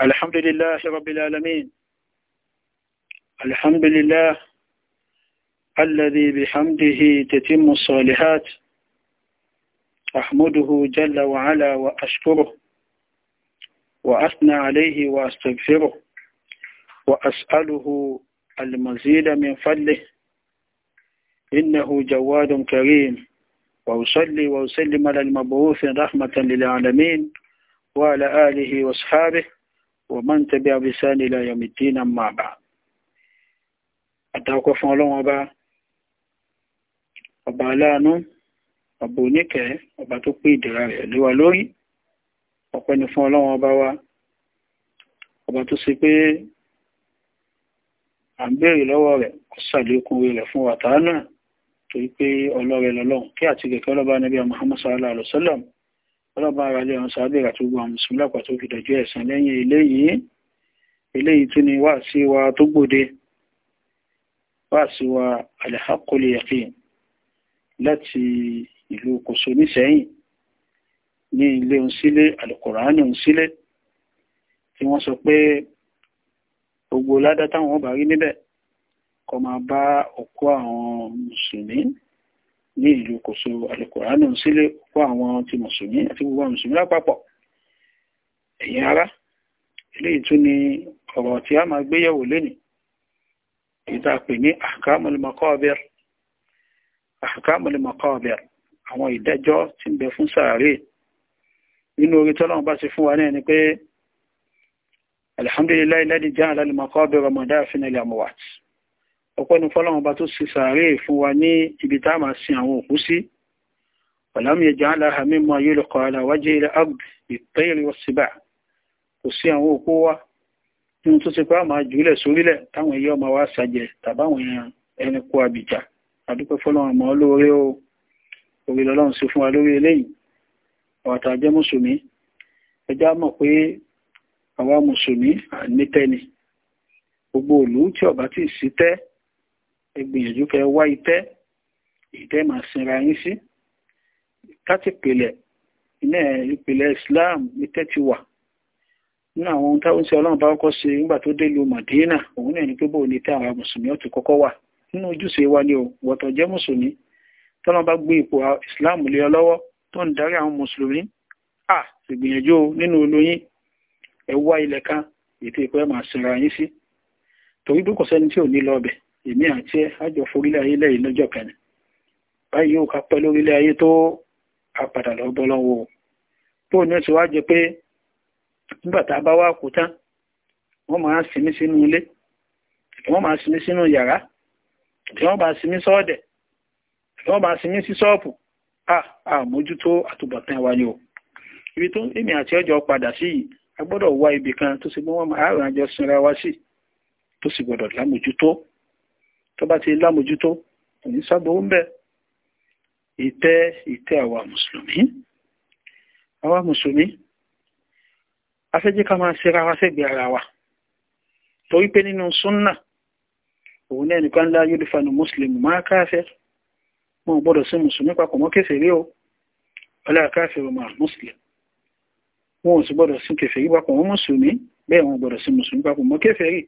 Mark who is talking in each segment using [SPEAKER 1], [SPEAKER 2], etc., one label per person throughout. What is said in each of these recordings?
[SPEAKER 1] الحمد لله رب العالمين الحمد لله الذي بحمده تتم الصالحات أحمده جل وعلا وأشكره وأثنى عليه وأستغفره وأسأله المزيد من فضله إنه جواد كريم وأصلي وأسلم على المبعوث رحمة للعالمين وعلى آله وأصحابه ومن تبع بسان إلى يوم الدين أما بعد àtàkọ́ fún ọlọ́wọ́n ọba ọba aláàánú ọba oníkẹ́ ọba tó pé ìdẹ̀ra rẹ̀ léwa lórí ọpẹ́ ni fún ọlọ́wọ́n ọba wa ọba tó ṣe pé à ń béèrè lọ́wọ́ rẹ̀ kó ṣàlékún rẹ̀ fún wàtá náà torí pé ọlọ́rẹ̀ lọ́lọ́run kí àti kẹ̀kẹ́ ọlọ́ba níbi Muhammad sallallahu alaihi wasallam ọlọ́ba ara lé ọ̀hún sábẹ́ àti gbogbo àwọn mùsùlùmí lápá tó fi dọ̀jú ẹ̀sán lẹ́yìn eléyìí eléyìí tún ni wá sí wa tó gbòde wá sí wa al-haqqul yaqin láti ìlú kòso nísẹ̀yìn ní ilé òun sílé alukùránì òun sílé tí wọ́n sọ pé gbogbo ládá táwọn bá rí níbẹ̀ kó máa bá òkú àwọn mùsùlùmí ní ìlú kòso alukòránù sílé òkú àwọn ti mùsùlùmí àti gbogbo mùsùlùmí lápapọ̀ ẹ̀yin ará eléyìí tún ni ọ̀rọ̀ tí a máa gbéyẹ̀wò lénìí ìta pè ní ahkamul maqabir ahkamul maqabir àwọn ìdájọ́ tí ń bẹ fún sàárè nínú orí tọ́lọ́run bá ṣe fún wa náà ni pé alhamdulillahi alladhi ja'ala al-maqabira madafina lil ọpẹ́ ni fọ́lọ́run ọba tó ṣe sàárè fún wa ní ibi tá a máa sin àwọn òkú sí ọ̀làmì ẹ̀já aláha mímọ ayélujọ aláwájẹ́ ilẹ̀ agb ìpẹ́ẹ̀rẹ̀ ọ̀sibà kò sí àwọn òkú wa nínú tó ṣe pé a máa jùlẹ̀ sórílẹ̀ táwọn ẹyẹ ọmọ wa ṣàjẹ tàbáwọn èèyàn ẹni kó abìjà àdúpẹ́ fọ́lọ́run àmọ́ lóore o orí lọ́lọ́run ṣe fún wa lórí eléyìí ọ̀tà jẹ́ mùsùlùmí ẹjá mọ̀ pé àwa mùsùlùmí ànítẹ́ni gbogbo òlú tí ọba tí ì sí tẹ́ ẹ gbìyànjú kẹ wá ìtẹ́ ìtẹ́ máa sinra yín sí láti pèlẹ̀ iná ìpìlẹ̀ Islam ìtẹ́ ti wà nínú àwọn ohun táwọn ṣe ọlọ́run bá kọ́kọ́ ṣe nígbà tó dé lu Madina òun náà ní pé bóun ní tẹ́ àwọn mùsùlùmí ọ̀tún kọ́kọ́ wà nínú ojúṣe wa ni o wọ̀tọ̀ jẹ́ mùsùlùmí tọ́lọ́n bá gbé ipò Islam lé ọ lọ́wọ́ tó ń darí àwọn mùsùlùmí à ṣègbìyànjú nínú olóyìn ẹ wá ilẹ̀ kan ètò ìpẹ́ máa sinra yín sí torí bí kò sẹ́ni tí ò ní lọ èmi àti ẹ àjọ forílẹ̀ ayé lẹ́yìn lọ́jọ́ kan báyìí yóò ká pẹ́ lórílẹ̀ ayé tó lọ́bọ́ lọ́wọ́ o tó ní ó wá jẹ pé nígbà a bá wá kú tán wọ́n máa sinmi sínú ilé wọ́n máa sinmi sínú yàrá wọ́n máa sinmi sọ́ọ̀dẹ̀ wọ́n máa sinmi sí ṣọ́ọ̀pù àmójútó ibi a gbọ́dọ̀ wá ibì kan tó máa sinra wa sí tó tó bá ti lámójútó ní sábòó ń bẹ ìtẹ́ ìtẹ́ àwa mùsùlùmí àwa mùsùlùmí afẹ́jẹ́ ká máa ṣe ra wa sẹ́gbẹ̀ẹ́ ara wa torí pé nínú súnnà òun náà nìkan ńlá yóò fanu mùsùlùmí máa káfẹ́ wọn ò gbọ́dọ̀ sí mùsùlùmí papọ̀ mọ́ kèfèrí o aláàkáfẹ́ ọmọ mùsùlùmí wọn ò sì gbọ́dọ̀ sí kèfèrí papọ̀ mọ́ mùsùlùmí bẹ́ẹ̀ wọn gbọ́dọ̀ sí mùsùlùmí papọ̀ mọ́ kèfèrí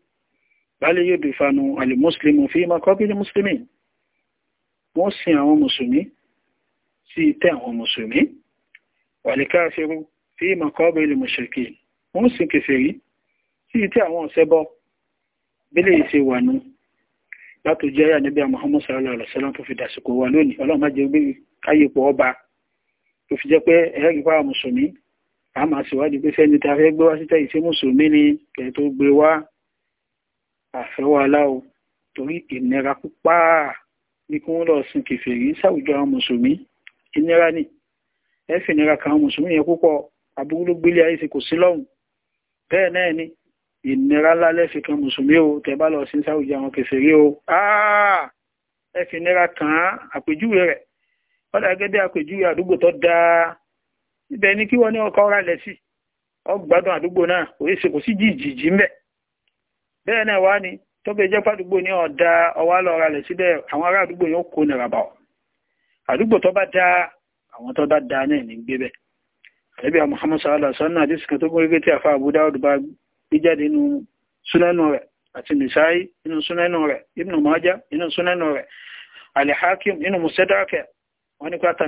[SPEAKER 1] bálẹ̀ yóò bí fanu alìmọ́sílẹ̀mù fi ma kọ́bílì mùsùlùmí wọ́n sin àwọn mùsùlùmí sí ìtẹ́ àwọn mùsùlùmí wàlìkáfẹ́rú fi ma kọ́bílì mùsùlùmí wọ́n sin kèfèrí sí ìtẹ́ àwọn ọ̀sẹ́bọ bílẹ̀ ìṣe wà nú látò jẹ́ yà níbi Muhammad sallallahu alaihi wasallam tó fi dàsìkò wà lónìí ọlọ́run má jẹ́ gbé àfẹ́wàlá o torí ìnira púpá ní kí wọ́n lọ sin kèfèrí sáwùjọ àwọn mùsùlùmí ìnira ni ẹ fi ìnira kan àwọn mùsùlùmí yẹn púpọ̀ aburú ló gbélé ayé ṣe kò sí lọ́hùn bẹ́ẹ̀ náà ni ìnira ńlá lẹ́fi kan mùsùlùmí o tẹ́ bá lọ sin sáwùjọ àwọn kèfèrí o ẹ fi ìnira kan àpèjúwe rẹ̀ wọ́n dà gẹ́gẹ́ àpèjúwe àdúgbò tó dáa ibẹ̀ ni kí wọ́n ní ọkọ̀ rálẹ̀ sí ọgbádùn àdúgbò náà òye ṣe kò sí jìjì ń bẹ̀ bẹ́ẹ̀ náà wá ni tó bẹ jẹ́ pàdúgbò ní ọ̀dà ọwá lọ́ra rẹ̀ síbẹ̀ àwọn ará àdúgbò yóò kó nira bá ọ àdúgbò tó bá da àwọn tó bá da náà ní gbé bẹ́ẹ̀ àlẹ́bí àwọn Muhammad sallallahu alaihi wasallam àdìsí kan tó gún régé tí àfa Abu Dawud bá gbé jáde nínú súnẹ́nu rẹ̀ àti Nìsáyí nínú súnẹ́nu rẹ̀ Ibn Majah nínú súnẹ́nu rẹ̀ hakim nínú ní pátá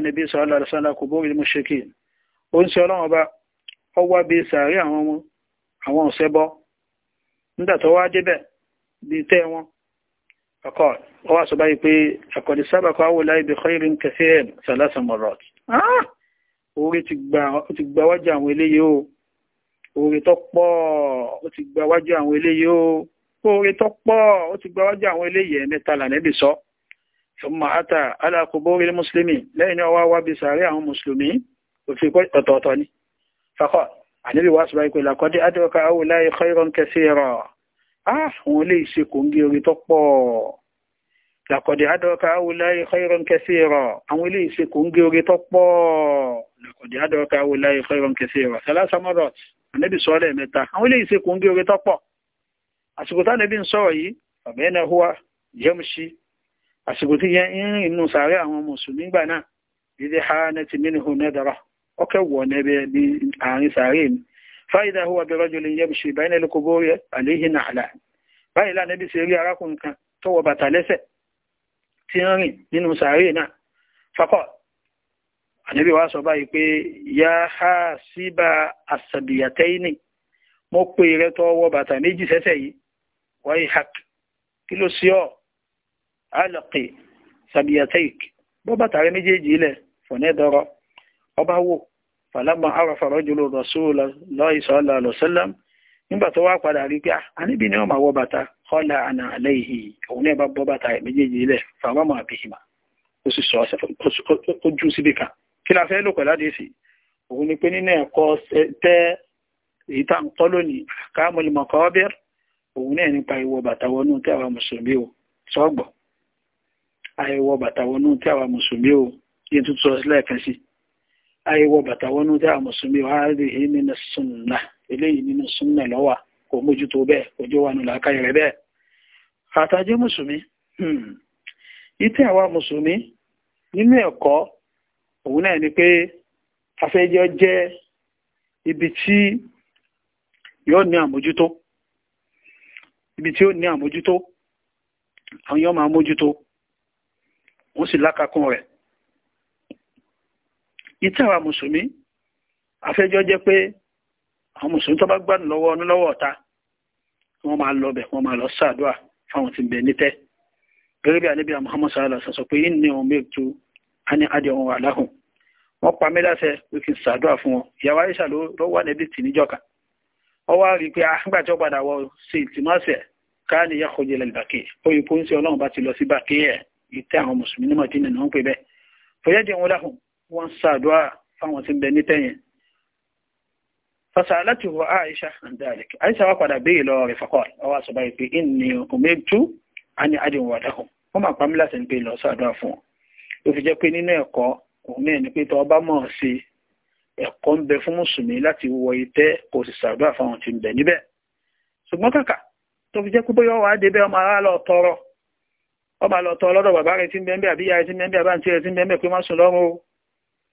[SPEAKER 1] kò bóri ó ń sọ ọlọ́run ọba ọwọ́ sàárẹ̀ àwọn ọmọ àwọn ọ̀sẹ́ nígbà tó wá débẹ̀ bí tẹ́ wọn ọkọ̀ wọ́n wá sọ báyìí pé àkọ̀dé sábàkọ̀ àwòlá ibi khairin kẹfẹ́ salasan marrat ah! orí ti gba wájú àwọn eléyìí o orí tó pọ̀ ó ti gba wájú àwọn eléyìí o orí tó pọ̀ ó ti gba wájú àwọn eléyìí ẹ̀mẹ́ta lànẹ́bì sọ ṣùgbọ́n àtà alákòbórí mùsùlùmí lẹ́yìn náà wá wá sàárẹ̀ àwọn mùsùlùmí òfin ọ̀tọ̀ọ̀tọ̀ ni fakọ́ọ̀ àníbi wá sọ pé làkọ́dé adọ́ka àwòlá ikọ́ ìrọ̀ kẹsí rọ̀ àwọn olè ṣe kò ń gé orí tó pọ̀ làkọ́dé adọ́ka àwòlá ikọ́ ìrọ̀ kẹsí rọ̀ àwọn olè ṣe kò ń gé orí tó pọ̀ làkọ́dé adọ́ka àwòlá ikọ́ ìrọ̀ kẹsí rọ̀ salasa marot àníbi sọ lẹ́ẹ̀mẹ́ta àwọn olè ṣe kò ń gé orí tó pọ̀ àsìkò táwọn ń sọ̀rọ̀ yìí ọ̀bẹ́ni ọkẹ́ wọ̀ nebe bi àárín sàárè mi fáyidà huwa bi rajulin yamshi bayna al-quburi alayhi na'la báyìí lánàá bí ṣe arákùnrin kan tó wọ bàtà lẹ́sẹ̀ tí ń rìn nínú sàárè náà wa sọ ya ha síba àṣàbìyàtẹ́yìnì mo pè rẹ tó wọ bàtà méjì yìí wáyé hak kí ló sí ọ bàtà rẹ méjèèjì ọba wò fàlámà hmm. àràfà rọ́jòló rọ̀ṣúlọ lọ́ìṣọ́ lọ́sọ́lá nígbà tó wá padà rí pé ah, àníbi ni wọ́n máa wọ bàtà kọ́là àna àlẹ́ ìhì òun náà bá bọ́ bàtà méjèèjì ilẹ̀ fàwọ́mọ̀ àbìhìmà ó sì sọ ọ̀sẹ̀ ó jú síbi kan kí la fẹ́ lò pẹ̀lú àdéhìsì òun ni pé nínú ẹ̀kọ́ tẹ́ èyí tá à ń kọ́ lónìí àkáàmùlì mọ̀kọ́bẹ̀rẹ̀ òun náà nípa ìwọ bàtà wọnú tí àwa mùsùlùmí o sọ́gbọ̀ àìwọ bàtà wọnú tí àwa mùsùlùmí o yẹn tuntun sọ àìwọ bàtà wọnú tí a mùsùlùmí wà á rí i nínú súnà eléyìí nínú súnà lọ́wà kò mójútó bẹ́ẹ̀ ojú wa nù làákàyè rẹ bẹ́ẹ̀ àtàjẹ́ mùsùlùmí hmm. ìtẹ́ àwa mùsùlùmí nínú ẹ̀kọ́ òun náà ni pé afẹ́jọ́ jẹ́ ibi tí yóò ní àmójútó ibi tí ó ní àmójútó àwọn yóò máa mójútó wọ́n sì lákàkún rẹ̀ ìtàwà mùsùlùmí afẹ́jọ́ jẹ́ pé àwọn mùsùlùmí tó bá gbádùn lọ́wọ́ ọdún lọ́wọ́ ọ̀tá wọ́n máa lọ bẹ̀ wọ́n máa lọ sàdúà fáwọn tí ń nítẹ́ gẹ́gẹ́ bí àníbíà Muhammad sallallahu alaihi wasallam pé yìí ní ohun mẹ́tò a ní adìẹ wọn wà láhùn wọ́n pa mí láṣẹ pé kí n sàdúà fún wọn ìyàwó Aisha ló lọ́wọ́ ànẹ́bí tì níjọ́ kan wọ́n wá rí i pé àgbà ah, tí ó padà wọ sí ìtìmọ́sẹ̀ ìtẹ́ àwọn mùsùlùmí ní Madina náà ń pè bẹ́ẹ̀ fọyẹ́dì wọn láhùn wọ́n ṣàdúrà fáwọn tí ń bẹ nítẹ̀yìn fasalati wa aisha an dalik aisha wa padà béèrè lọ́wọ́ rẹ̀ faqal ọwọ́ àṣọ báyìí pé inni umirtu ani adin wa dahum wọ́n máa pa mí láti ń pè lọ ṣàdúrà fún wọn ló fi jẹ́ pé nínú ẹ̀kọ́ òun náà ni pé tọ́ bá mọ̀ sí ẹ̀kọ́ ń bẹ fún mùsùlùmí láti wọ itẹ́ tí ń bẹ níbẹ̀ ṣùgbọ́n kàkà rẹ̀ tí ń bẹ́ńbẹ́ àbíyá rẹ̀ àbáǹtí rẹ̀ tí ń bẹ́ńbẹ́ pé má sùn lọ́rùn o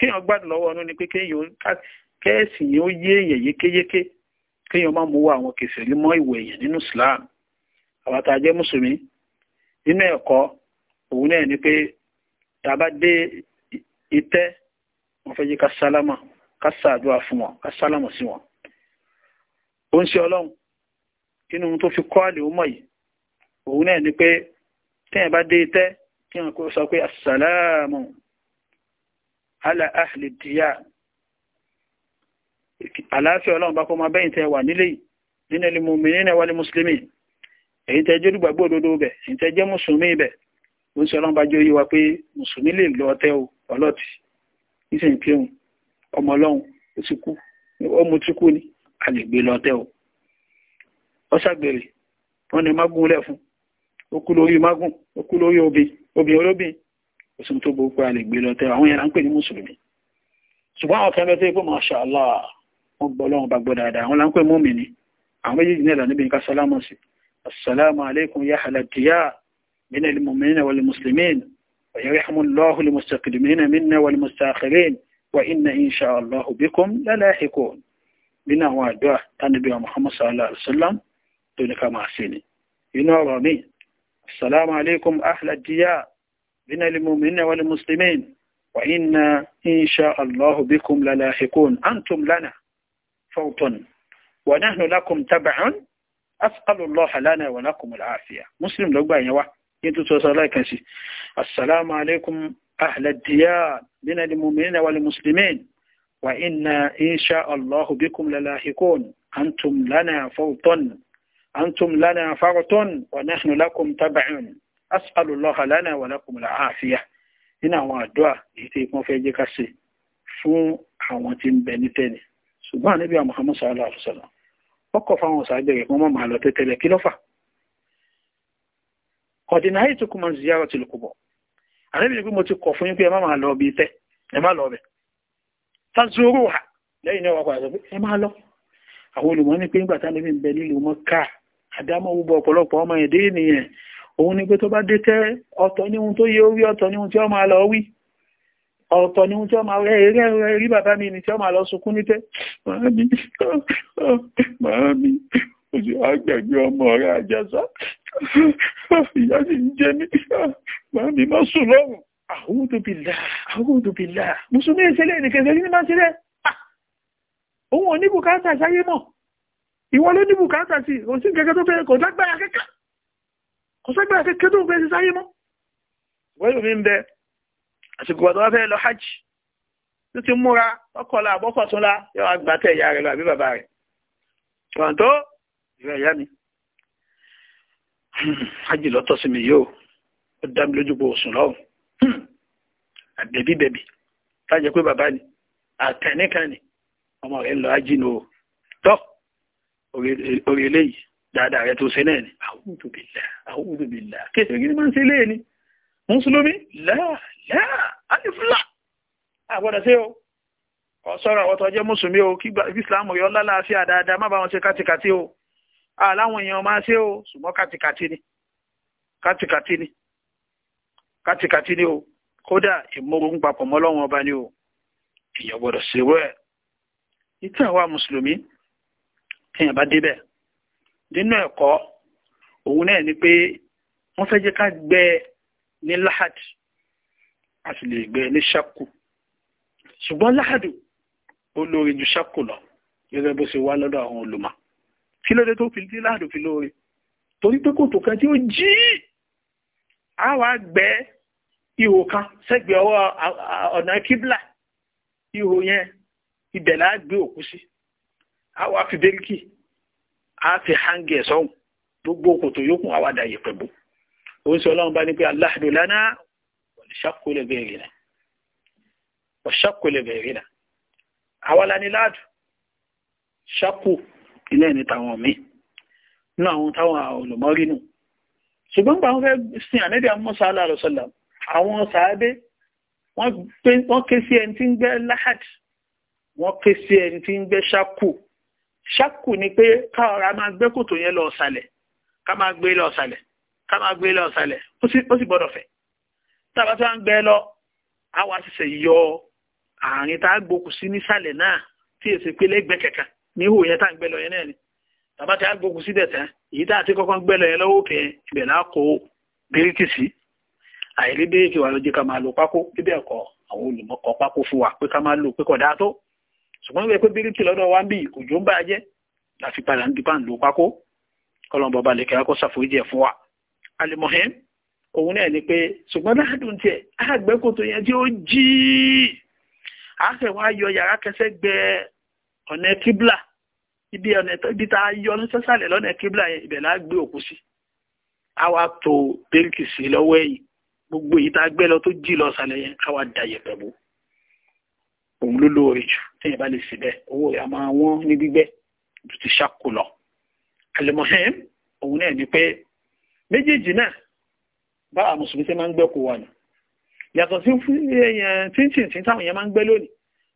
[SPEAKER 1] kéèyàn gbádùn lọ́wọ́ ọ̀nà ni pé kéèyàn kẹ́ẹ̀sì yóò yé èèyàn yékéyéké kéèyàn má mowó àwọn kèfèrí mọ́ ìwò èèyàn nínú Islam àwọn jẹ́ mùsùlùmí nínú ẹ̀kọ́ òun náà ni pé tá a bá dé itẹ́ wọ́n fẹ́ jẹ́ ká sálámà ká sàdúrà fún wọn ká sálámà sí wọn ó ń ṣe ọlọ́run inú tó fi kọ́ àlè ó mọ̀ yìí òun náà ni pé téèyàn bá dé itẹ́ téèyàn kó sọ pé asàlámù ala ahli diya àlàáfíà ọlọ́run bá kọ́ máa bẹ́yìn tẹ́ wà nílé nínú ilé mu'minina wal muslimin èyí tẹ́ jẹ́ olùgbàgbọ́ òdodo bẹ̀ èyí tẹ́ jẹ́ mùsùlùmí bẹ̀ ó ń sọ ọlọ́run bá jẹ́ oyé wa pé mùsùlùmí lè lọ ọtẹ́ o ọlọ́tì nísìnyí pé ọmọ ọlọ́run ó ti kú ọmọ tí kú ni a lè gbé lọ ọtẹ́ o ọ ṣàgbèrè wọn ni mágùn lẹ̀ fún ó kú lórí mágùn ó kú lórí obìnrin òsùn tó gbogbo pé a lè gbé lọ tẹ́wọ̀ àwọn yẹn là ń pè ní mùsùlùmí ṣùgbọ́n àwọn kan bẹ́ẹ̀ tó yẹ pé masha Allah wọ́n gbọ́ lọ́wọ́ bá gbọ́ dáadáa àwọn là ń pè mọ́mì ni àwọn méjèèjì náà níbi nǹkan sálámù sí assalamu alaikum ya halatiya min al-mu'minin wal muslimin wa yarhamu Allahu al-mustaqdimin minna wal mustakhirin wa inna insha Allah bikum la lahiqun nínú àwọn àdúrà tánibí Muhammad sallallahu alaihi wasallam tó ní ká máa ṣe ni inú ọ̀rọ̀ mi assalamu alaikum ahladiya بنا للمؤمنين والمسلمين وإنا إن شاء الله بكم للاحقون أنتم لنا فوط ونحن لكم تبع أسأل الله لنا ولكم العافية مسلم لو بأي السلام عليكم أهل الديار من المؤمنين والمسلمين وإنا إن شاء الله بكم للاحقون أنتم لنا فوط أنتم لنا فوط ونحن لكم تبع asàlùlọ́hà lánàá wà lákùnmùlà àáfíà nínú àwọn àdúrà èyí tí wọ́n fẹ́ jẹ́ ká ṣe fún àwọn tí ń bẹ ní tẹ́ni ṣùgbọ́n níbi àwọn Muhammad sallallahu alaihi wasallam ọkọ̀ fáwọn sàábẹ̀ rẹ̀ wọ́n máa lọ tẹ́tẹ́lẹ̀ kí lọ́fà ọ̀dìnà yìí tó kú máa ń ziyara ti lùkùbọ̀ àníbi pé mo ti kọ̀ fún yín pé ẹ má máa lọ bí tẹ́ ẹ má lọ bẹ̀ tá zoro wà lẹ́yìn náà wà padà pé ẹ má lọ àwọn olùmọ́ ní pé ńgbà tá níbi bẹ nílùú mọ́ ká àdámọ́ gbogbo ọ̀pọ̀lọpọ̀ ọmọ ẹ̀dẹ́ ènìyàn òun ni pé tó bá dékẹ́ ọ̀tọ̀ ní ohun tó yẹ orí ọ̀tọ̀ ní ohun tí ó máa lọ wí ọ̀tọ̀ ní ohun tí ó máa rẹ eré rẹ rí bàbá mi ni tí ó máa lọ sunkún ní tẹ́ màámi màámi oṣù àgbẹ̀gbẹ̀ ọmọ rẹ àjẹsà ìyá sì ń jẹ mí màámi má sùn lọ́rùn àhúdù bìlà àhúdù bìlà mùsùlùmí ìṣẹ̀lẹ̀ ní máa ṣẹlẹ̀ ah! òun ò ní bùkátà sáyé mọ ìwọ ní bùkátà sí òsì kẹkẹ tó fẹ́ kò dágbára kẹkẹ kò sẹ́gbẹ́ kékeré tó ń gbé sísáyé mọ́ wọ́n yóò mi ń bẹ àsìkò ọ̀dọ́ wọn fẹ́ lọ hajj tó ti múra ọkọ̀la àbọ́kọ̀túnla yóò wá gbà tẹ̀ ìyá rẹ̀ lọ àbí bàbá rẹ̀ wọ́n tó ìrẹ̀ ìyá mi hajj lọ́tọ̀ sí mi yóò ó dá mi lójú bó sùn dáadáa rẹ tó ṣe náà ni a'udhu billah a'udhu billah kéṣe kí ni máa ń ṣe léè ni mùsùlùmí láà láà alifula àgbọ̀dọ̀ sí o ọ̀sọ́rọ̀ àwọn tọ́jẹ́ mùsùlùmí o kí ìsìláàmù yọ lálàáfíà dáadáa má bá wọn ṣe kátikàtí o aláwọn èèyàn máa ṣe o ṣùgbọ́n kátikàtí ni kátikàtí o kódà ìmúru papọ̀ mọ́ ọba ni o èèyàn gbọ́dọ̀ ṣerú ẹ̀ ìtàn àwa mùsùlùmí téèyàn bá débẹ̀ nínú ẹ̀kọ́ òun náà ni pé wọ́n fẹ́ jẹ́ ká gbẹ ní láhàd a sì lè gbẹ ní ṣakù ṣùgbọ́n láhàdù ó lóore ju ṣakù lọ gẹ́gẹ́ bó ṣe wá lọ́dọ̀ àwọn olùmọ̀ kí ló dé tó fi láhàdù fi lóore torí pé kòtò kan tí ó jí á wá gbẹ ihò kan sẹ́gbẹ̀ẹ́ ọwọ́ ọ̀nà kíblà ihò yẹn ibẹ̀ láà gbé òkú sí á wá fi bẹ́ríkì á fi hangi ẹ̀ sọ́hùn gbogbo kòtò yókù àwàdà yìí pẹ̀bù ó ń sọ ọlọ́run bá ní pé aláàdó lánàá ọ̀ṣàkólẹ̀ bẹ̀rẹ̀ náà ọ̀ṣàkólẹ̀ bẹ̀rẹ̀ náà àwa la ní láàdù ṣàkó ilé ẹni tàwọn míì nínú àwọn táwọn olùmọ́rí nù ṣùgbọ́n pa wọ́n fẹ́ sin ànẹ́bí àmọ́sá aláàrọ̀sọ́là àwọn sàábé wọ́n ké sí ẹni tí ń gbẹ́ láhàd wọ́n ké sí ẹni tí ń gbẹ́ ṣàkó ṣákù ni pé káwọn a máa gbé kòtò yẹn lọ ọ̀sàlẹ̀ ká máa gbé lọ ọ̀sàlẹ̀ ká máa gbé lọ ọ̀sàlẹ̀ ó sì gbọ́dọ̀ fẹ̀ tábà tí wọ́n ń gbé lọ àwọn àṣìṣe yọ àárín tá a gbókù sí nísàlẹ̀ náà tí èsì pé lẹ́gbẹ̀ẹ́ kẹ̀kẹ́ ní ihò yẹn tá à ń gbé lọ yẹn náà ni tábà tí a gbókù sí dẹ̀tẹ́ èyí tá a ti kọ́kọ́ gbé lọ yẹn lọ́wọ́ òkè ibẹ̀ náà kó bíríkì sí àìrí bíríkì wà ṣùgbọ́n wípé bíríkì lọ́dọ̀ wá ń bí òjò ń bàjẹ́ láti padà ń dípà ń lo pákó kọlọ́n bọba lè kẹ́kọ́ ṣàforíjì ẹ̀ fún wa alimohim òun náà ni pé ṣùgbọ́n láàdùn tiẹ̀ àgbẹ̀kòtò yẹn tí ó jí àfẹ̀wọ̀n ayọ yàrá kẹsẹ́ gbẹ ọ̀nà kíblà ibi ọ̀nà ibi tá a yọ ní sẹ́sàlẹ̀ lọ́nà kíblà yẹn ibẹ̀ láà gbé òkú sí a wá to bíríkì sí lọ́wọ́ ẹ̀yìn gbogbo èyí tá òun ló lóore jù téèyàn bá lè ṣe bẹ́ẹ̀ owó rẹ̀ a máa wọ́n ní gbígbẹ́ ju ti ṣàkó lọ àlùmọ̀hẹ́m òun náà ni pé méjèèjì náà bá àwọn mùsùlùmí ṣe máa ń gbẹ́ kó wà nù yàtọ̀ sí fún èèyàn tíntìn tí táwọn èèyàn máa ń gbẹ́ lónìí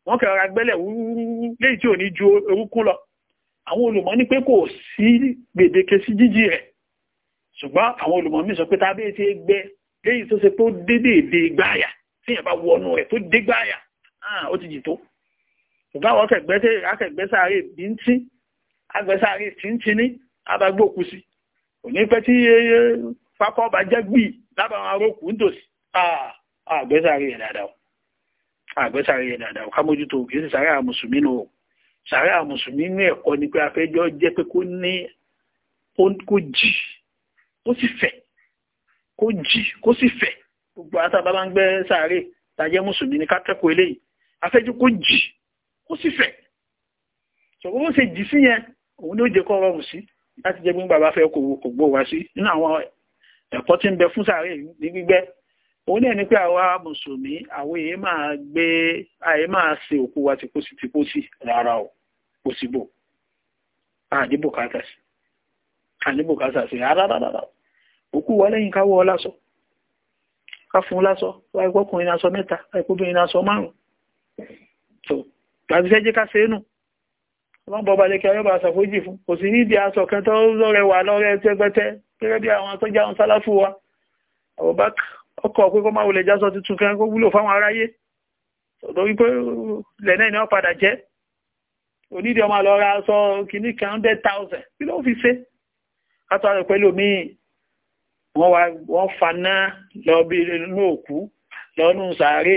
[SPEAKER 1] wọ́n kẹ́ ra gbẹ́lẹ̀ wúrúwúrú léyìí tí ò ní ju orúkún lọ àwọn olùmọ̀ ní pé kò sí gbèdéke sí jíjì rẹ̀ ṣùgbọ́n àwọn olùmọ̀ mi sọ pé tábí ti gbẹ́ léyìí tó ṣe pé ó dédéédé gbáàyà tí bá wọnú rẹ̀ tó dé gbáàyà Ah, ó ti jì tó ṣùgbọ́n àwọn akẹgbẹ́sàárè bíntín agbẹ́sàárè tíntínní abagbókù sí òní pẹ́ tí eh, eh, fakọ́ bá jẹ́ gbì lábàwọn arókù ń tòsí àgbẹ́sàárè ah, yẹn dáadáa àgbẹ́sàárè yẹn dáadáa ká mójútó kì í sì sàárè àwọn mùsùlùmí nù sàárè àwọn mùsùlùmí ní ẹ̀kọ́ ni pé afẹ́jọ́ jẹ́ pé kó ní kó jì kó sì fẹ̀ kó jì kó sì fẹ̀ gbogbo àtàbà bá ń gbẹ́ sàárè tàjẹ́ mùsùlùmí ní ká kẹ́kọ̀ọ́ eléyìí afẹ́jú kó jì kó sì fẹ̀ ṣọ̀gbọ́n bó ṣe jì sí yẹn òun ni ó jẹ kọ́ rọrùn sí láti jẹ́ gbígbà bá fẹ́ kò gbó wá sí nínú àwọn ẹ̀kọ́ tí ń bẹ fún sàárè ní gbígbẹ́ òun náà ni pé àwa mùsùlùmí àwọn èyí máa gbé àyè máa ṣe òkú wa ti pósí ti pósí rárá o kò sí bò àdìbò kàtà sí àdìbò kàtà sí rárá òkú wa lẹ́yìn káwọ́ lásọ ká fún lásọ wáyé pọ́kùnrin lásọ mẹ́ta wáyé pọ́bìnrin lásọ márùn-ún so tàbí sẹ́jẹ́ ká ṣe é nù wọ́n bọ́ balẹ̀ kí ọyọ́bà ṣàfójì fún kò sí nídìí aṣọ kan tó lọ́rẹ̀ wà lọ́rẹ̀ tẹ́gbẹ́tẹ́ gẹ́gẹ́ bí àwọn tó jáwọn sálàfù wa Abubakar ọkọ̀ pé kó máa wọlé jásọ tuntun kan kó wúlò fáwọn aráyé lórí pé lẹ́nà ìní ọ̀padà jẹ́ onídìí ọmọ lọ ra aṣọ kìíní kan hundred thousand kí ló fi ṣe látọ̀ rẹ̀ pẹ̀lú míì wọ́n faná lọ bí inú òkú lọ́nù sàárè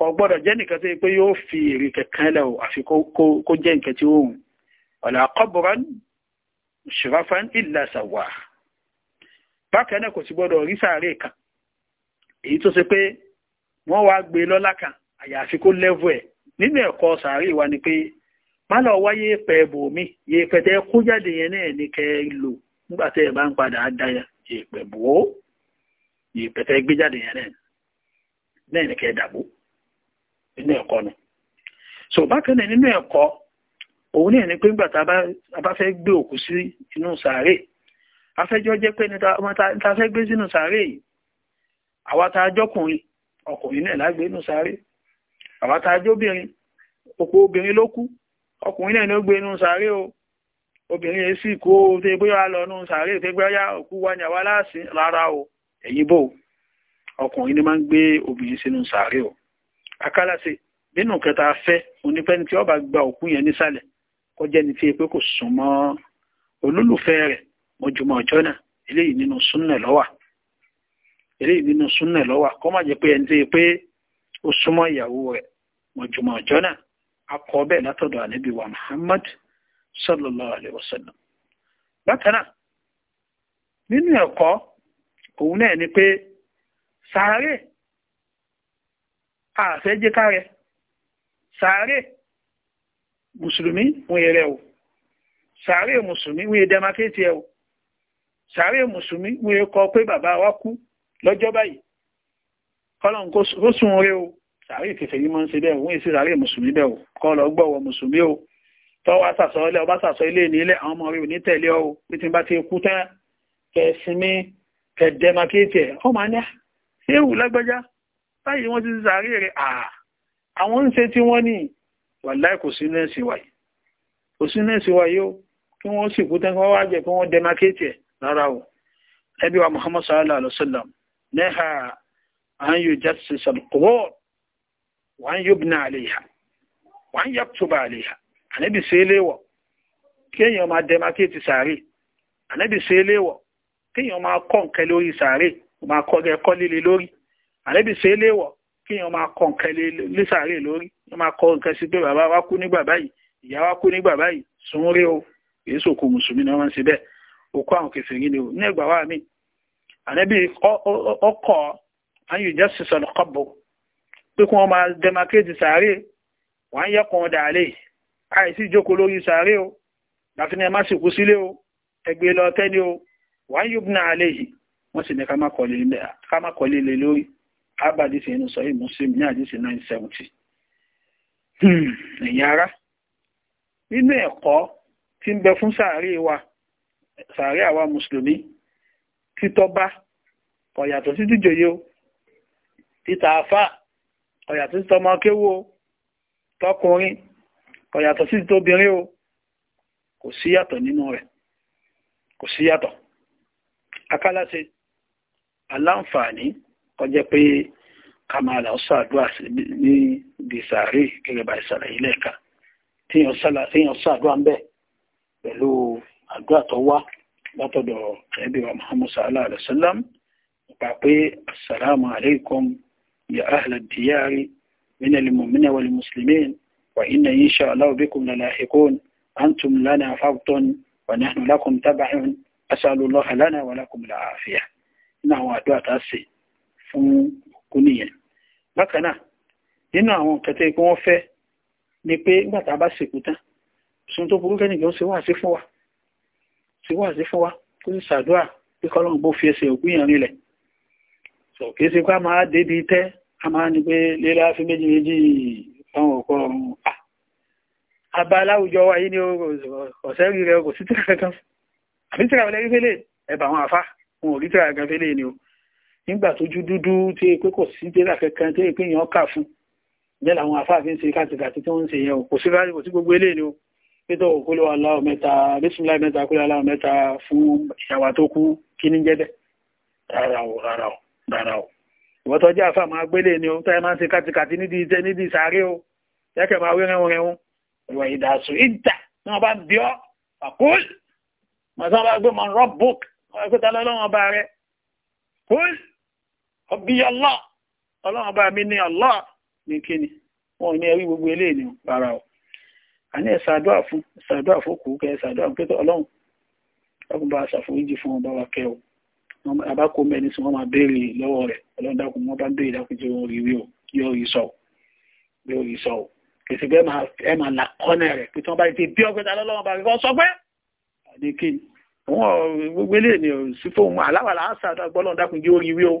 [SPEAKER 1] kò gbọ́dọ̀ jẹ́ nìkan tó yẹ pé yóò fi èrè kẹ̀kẹ́ lẹ̀ o àfi kó jẹ́ nǹkan tí ó hùn ọ̀là qabran shurafan illa sàwà bákan náà kò sì gbọ́dọ̀ rí sàárè kan èyí tó ṣe pé wọ́n wá gbé lọ́lá kan àyàfi kó lẹ́vù ẹ̀ nínú ẹ̀kọ́ sàárè wa ni pé má lọ wá yéèpẹ̀ bòmí yéèpẹ̀ tẹ́ kó jáde yẹn náà ní kẹ́ lò nígbà tẹ́ ẹ̀ bá ń padà dá yéèpẹ̀ bò ó yéèpẹ̀ tẹ́ gbé jáde yẹn náà náà ní kẹ́ dàbò nínú ẹ̀kọ́ ni so bákan náà nínú ẹ̀kọ́ òun náà ni pé nígbà tá a bá fẹ́ gbé òkú sí inú sàárè afẹ́jọ́ jẹ́ pé ta fẹ́ gbé sínú sàárè yìí àwa tá a jọ́kùnrin ọkùnrin náà lágbé inú sàárè àwa tá jóbìnrin òpó obìnrin ló kú ọkùnrin náà ló gbé inú sàárè o obìnrin yẹn sì kó o tẹ bóyá lọ inú sàárè tẹ bóyá òkú wá ní àwa láàsín rárá o ẹ̀yìn bò ọkùnrin ni máa ń gbé obìnrin sínú sàárè o akálàṣe nínú kẹta afẹ́ onípẹ́ni tí ó bá gba òkú yẹn nísàlẹ̀ kó jẹ́ ni tí epe kò sùn mọ́ olólùfẹ́ rẹ̀ mọ́júmọ́ ọjọ́ náà eléyìí nínú súnnà lọ́wà eléyìí nínú súnnà lọ́wà kó má jẹ́ pé ẹni tí pé ó súnmọ́ ìyàwó rẹ̀ mọ́júmọ́ ọjọ́ náà akọ bẹ́ẹ̀ látọ̀dọ̀ ànábì wa Muhammad sallallahu alayhi wa sallam bákan náà nínú ẹ̀kọ́ òun náà ni pé sàárè àfẹ́jẹ́ kárẹ̀ sàárè mùsùlùmí wọ́n yẹrẹ o sàárè mùsùlùmí wọ́n yẹ dẹmakéètì ẹ o sàárè mùsùlùmí wọ́n yẹ kọ pé bàbá wa kú lọ́jọ́ báyìí kọ́lọ̀ kó sùn rẹ o sàárè kẹfẹ́ yìí máa ń ṣe bẹ́ẹ̀ wọ́n yẹ sí sàárè mùsùlùmí bẹ́ẹ̀ o kọ́lọ̀ gbọ́wọ́ mùsùlùmí o tọ́wọ́ àṣàṣọ ilẹ̀ ọba ṣàṣọ ilé ní ilẹ̀ àwọn ọmọ rẹ ò ní tẹ̀lé ọ bí ti bá ti kú tán kẹsìnmí kẹdẹmakéètì ẹ ọ máa ah, ṣé ewu lágbájá báyìí wọ́n ti sàárè rẹ̀ àwọn ń ṣe tí wọ́n ní wàláì kò sí nẹ́ẹ̀sì wáyé kò sí nẹ́ẹ̀sì wáyé ó kí wọ́n sì kú tẹ́kọ́ wá jẹ́ kí sallallahu alaihi wasallam nẹ́ha an yujassisa al-qubur wa an yubna alayha wa an yaktuba alayha ànábì ṣe léwọ̀ kí èèyàn máa kọ́ nǹkan lórí sàárè máa kọ́ rẹ̀ kọ́ líle lórí àlẹ́bí ṣe é léwọ̀ kí èèyàn máa kọ nǹkan lẹ́sàárè lórí wọ́n máa kọ nǹkan sí pé bàbá wa kú nígbà báyìí ìyá wa kú nígbà báyìí sùn rí o èyí sòkò mùsùlùmí ni wọ́n máa ń ṣe bẹ́ẹ̀ òkú àwọn kẹfìrí ni o ní ẹgbà wa mi àlẹ́bí ọkọ̀ ayùjẹ́ sísọ̀nù kọ́bù pé kí wọ́n máa dẹmakéètì sàárè wọ́n á yẹ kàn dàlẹ́ àìsí ìjókòó lórí sàárè o láfin ẹ má sì sílé o ẹgbẹ́ lọ tẹ́ni o wọ́n á yóò bùnà àlẹ́ yìí wọ́n sì ní ká má kọ̀lé lórí àbá àdìsí inú sọ yìí Muslim ní àdìsí 970 ẹ̀yìn ara nínú ẹ̀kọ́ tí ń bẹ fún sàárè wa sàárè àwa mùsùlùmí títọ́bá ọ̀yàtọ̀ sí jíjòyè o títà àfà ọ̀yàtọ̀ sí tọmọ kéwú o tọkùnrin ọ̀yàtọ̀ sí tóbìnrin o kò síyàtọ̀ nínú rẹ̀ kò síyàtọ̀ akálàṣe aláǹfààní kọjá pé ká máa lọ sọ àdúrà ní bisari gẹ́gẹ́ bá ìsàlẹ̀ ilé ẹ̀ka téèyàn sọ àdúrà ń bẹ̀ pẹ̀lú àdúrà tó wá látọ̀dọ̀ ẹbí wa muhammad sallallahu alaihi wa sallam nípa pé assalamu alaikum ya ahla diyari min al-mu'mina wal muslimin wa inna insha Allah bikum lalahiqun antum lana fardun wa nahnu lakum tab'un asalu lana wa lakum al ina wa àdúrà ta se fún òkú nìyẹn bákan náà nínú àwọn kẹtẹ́ pé wọ́n fẹ́ ni pé nígbà tá a bá sèkú tán sun tó burú kẹ́nìkan ó ṣe wáàsí fún wa ṣe wáàsí fún wa kó sì ṣàdúrà pé kọ́lọ́n bó fi ẹsẹ̀ òkú yẹn rinlẹ̀ sọ kìí ṣe pé a máa débi tẹ́ a máa ní pé léla fi méjì méjì àwọn òkú ọ̀run à àbá aláwùjọ wa yìí ni ọ̀sẹ̀ rí rẹ kò sí tíra kankan àbí tíra wọlé rí fẹ́lẹ̀ ẹ̀bà àwọn àfá wọn ò rí tíra kankan fẹ́lẹ̀ ni o nígbà tójú dúdú tí pé kò sí tẹ́lá kankan tí pé èèyàn kà fún jẹ́ làwọn afáàfin ṣe kàtìkàtì tí wọ́n ń ṣe yẹn o kò sí rárí kò sí gbogbo eléyìí o pétọ́ òkúlò aláwọ̀ mẹ́ta bísúnlá mẹ́ta kúlò aláwọ̀ mẹ́ta fún ìyàwó tó kú kí ní jẹ́ bẹ́ẹ̀ rárá o rárá o rárá o ìwọ́tọ́ ni o táyà máa ń ṣe kàtìkàtì nídìí iṣẹ́ nídìí sáré o jẹ́kẹ̀ máa wé rẹ́wọ̀n rẹ́wọ̀n ọbí Allah ọlọ́run bá mi ní Allah ní kíni wọn ní ẹrí gbogbo eléyìí ni rárá o a ní ẹ̀sàdúà fún ẹ̀sàdúà fún kù kẹ ẹ̀sàdúà fún pẹ́tọ́ ọlọ́run ọkùn bá ṣàforíjì fún ọba wa kẹ o àbákò mẹ́ni sí wọ́n máa béèrè lọ́wọ́ rẹ̀ ọlọ́run dákun wọ́n bá béèrè dákun jẹ́ orí rí o yóò rí sọ yóò rí sọ ni ò sí fóun aláwàlá àṣà àgbọ́lọ́run dákun jẹ́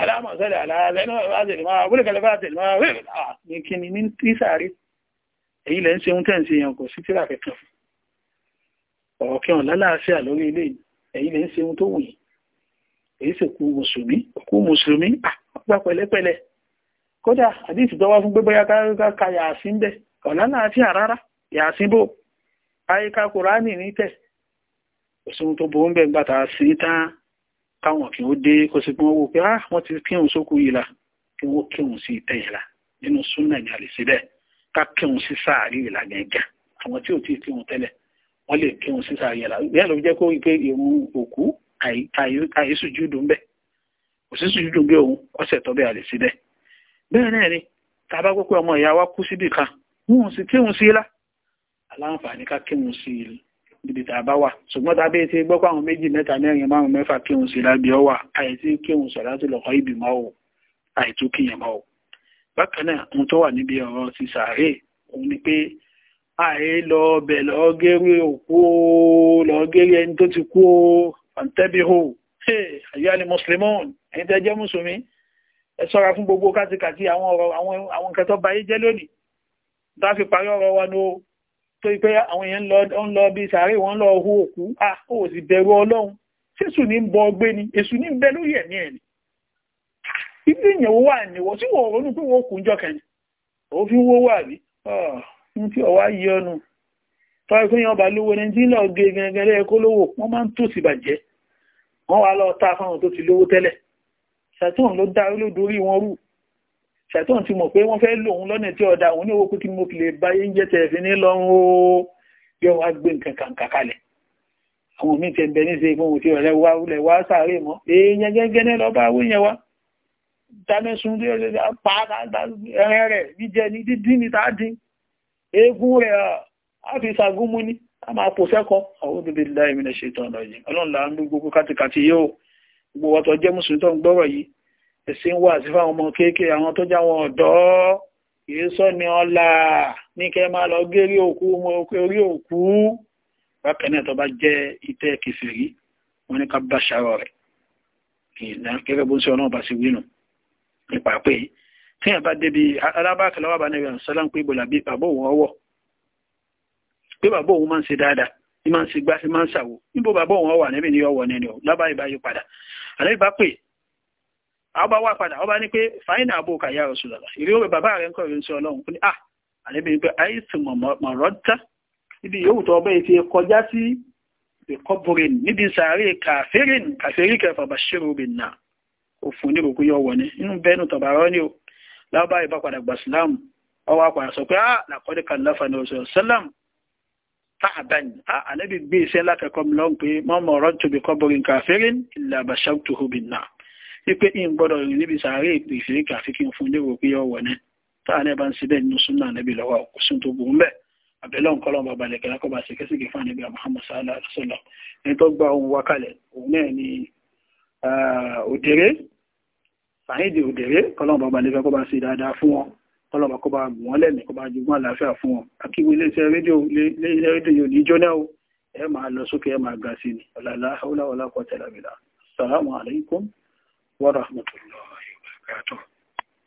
[SPEAKER 1] aláàmọ̀ sọ́lẹ̀ ala ọ̀rọ̀ máa wúlùkẹ̀lẹ̀ bá tẹ̀lẹ̀ máa wíwẹ̀ àà ní kí ni kini tíṣàrí èyí Eyi le ṣe oúnjẹ́ ń ṣe yàn kò sí tíra kẹkàn ọ̀rọ̀ kí wọn lálàáṣẹ́ lori ilé Eyi lẹ́ ń kódà àdìsí tó wá fún pé bóyá ká yàásín rárá yàásín bò káwọn kí ó dé kó sí pé wọ́n wò pé ah wọ́n ti kírun sókú yìí la kí wọ́n kírun sí ìtẹ́ yìí la nínú súnà ní àlè síbẹ̀ ká kírun sí sáàrí yìí la gẹ̀ẹ́gẹ́ àwọn tí ò tí ì kírun tẹ́lẹ̀ wọ́n lè kírun sí sáàrí yìí la bẹ́ẹ̀ ló jẹ́ kó rí pé irun òkú àìsù júdù ń bẹ̀ kò sí sùjúdù gbé òun ọ̀sẹ̀ tó bẹ́ẹ̀ àlè síbẹ̀ bẹ́ẹ̀ náà ni tàbá pé ọmọ ìyá wa kú síbì kan wọn ò sì kírun sí la aláǹfààní ká kírun sí níbi tá a bá wà ṣùgbọ́n tá ti gbọ́ pé méjì mẹ́ta mẹ́rin márùn mẹ́fà kí òun sì lábì ọ wà àìsí kí òun sọ̀rọ̀ láti lọ́kọ́ ibì mọ́ o àìtú kí yẹn mọ́ o. bákan náà ohun tó wà níbi ọ̀rọ̀ ti sàárè òun ni pé àì lọ ọbẹ̀ lọ gẹ́rí òkú o lọ ẹni tó ti kú o àǹtẹ́bí o àyà ni mùsùlùmọ́ọ̀n ẹni tẹ́ jẹ́ mùsùlùmí ẹ sọ́ra fún gbogbo kátìkàtì àwọn ọ̀rọ̀ àwọn nǹkan tó bayé jẹ́ lónìí tó yí pé àwọn èèyàn ń lọ bí sàárè wọn lọ hú òkú ó sì bẹ̀rù ọlọ́run sẹ́sù ní ń bọ ọgbẹ́ ni èṣù ní ń bẹ lórí ẹ̀mí ẹ̀ ni ibi ìyẹ̀wò wà níwọ̀ tí wọ́n ronú pé wọ́n kù ń jọkẹ́ ni òun fi wó wà rí ọ̀hún tí ọ̀wá yí ọnu tọ́wọ́ ìpín ọba lówó ní tí lọ́ọ́ gé gangan lẹ́yẹ kó lówó wọ́n máa ń tó sì bàjẹ́ wọ́n wá lọ ta fáwọn tó ti lówó tẹ́lẹ̀ ṣàtúnwọ̀n ló dá lódorí wọn rú ṣàtọ́n ti mọ̀ pé wọ́n fẹ́ lòun lọ́nà tí ọ̀dà òun ní owó pé kí mo fi lè bá yín jẹ́ tẹ̀ fi ní lọ́rùn o yóò wá gbé nǹkan kan kàkalẹ̀ àwọn míì tẹ̀ ń bẹ níṣe fún òun ọ̀rẹ́ wa wulẹ̀ wá sáré mọ́ èèyàn gẹ́gẹ́ lọ bá wíyẹn wa dámẹ́sùn tí ó lè pa ẹran rẹ̀ jíjẹ ní dídín ní tá dín eégún rẹ̀ á fi ṣàgúnmú ní a máa pò sẹ́kọ̀ọ́ àwọn òbí láì mi ṣe ìtàn ọ̀nà yìí ọlọ́run là ń gbogbo kátikàti yóò gbogbo ọ̀tọ̀ jẹ́ mùsùlùmí tó ń gbọ́rọ̀ yìí ẹ̀sìn wà sí fáwọn ọmọ kéèké àwọn tó jáwọn ọ̀dọ́ kìí sọ ni ọlá ní kẹ́ máa lọ gérí òkú orí òkú bákan náà tó bá jẹ́ ìtẹ́ kẹfìrí wọn ní ká bá ṣàrọ̀ rẹ̀ gẹ́gẹ́ bó ń sọ náà bá sí wínú nípa pé tí ẹ̀ bá débi alábákẹ́lẹ́wà bá níbi àṣálá ń pé ibò làbí bàbá òun ọwọ́ pé bàbá òun máa ń ṣe dáadáa ní máa ń ṣe gbá sí máa ń ṣàwò níbo bàbá òun ọwọ́ àníbì ní ọwọ́ nínú lábáyé bá yí padà àníbì bá pè ọba wà padà ọba ní pé fàyínà àbò kàyà rẹ̀ sùlọ̀lá ìrí òwe bàbá rẹ̀ ń kọ̀ ìrìnsẹ̀ ọlọ́run fún ní à ah! àlébìnrin pé àìsàn mọ̀rọ́dá ibi yòówù tó ọbẹ̀ ti kọjá sí ìkọ́bùrin níbi sàárè kàfẹ́rìn kàfẹ́rì kẹfà bàṣẹ́rù obìnrin náà òfin onírúkú yọ wọ̀ ni inú bẹ́ẹ̀nu tọ̀bàrọ́ ni o lábá ìbá padà gbà sílámù ọwọ́ apàdà sọ pé ah làkọ́dé kan lọ́fà ní oṣù sẹ́lẹ̀m tààbàn àlébì gbé iṣẹ́ lákẹ́kọ̀ọ́ mi lọ́hùn pé mọ́mọ́ tóbi kọ́bùrin kàfẹ́rìn ìlà bàṣẹ́rù náà wípé in gbọ́dọ̀ rìn níbi sàárè ìpè ìfèríkà fi kí n fún lérò pé ọwọ́ náà táà náà bá ń ṣe bẹ́ẹ̀ nínú súnà níbi lọ́wọ́ kò sí tó burú bẹ́ẹ̀ àbẹ̀lẹ̀ ọ̀nkọ́lọ́n bàbá lẹ̀kẹ́ lákọ́bà sí kẹ́sìkì fún àníbí Muhammad sallallahu alaihi wasallam ẹni tó gba ohun wákàlẹ̀ òun náà ni ah, òdèrè sàáìdì òdèrè kọ́lọ́n bàbá lẹ̀kẹ́ kọ́bà sí dáadáa fún wọn kọ́lọ́n bàbá kọ́bà gùn wọn lẹ́mìí kọ́bà jogún àlàáfíà fún wọn akíwé iléeṣẹ́ rédíò yóò ní jóná o ẹ máa lọ sókè ẹ máa ga sí ni ọ̀làlá haúláwọ̀lá kọ́ tẹ̀lá ورحمة الله وبركاته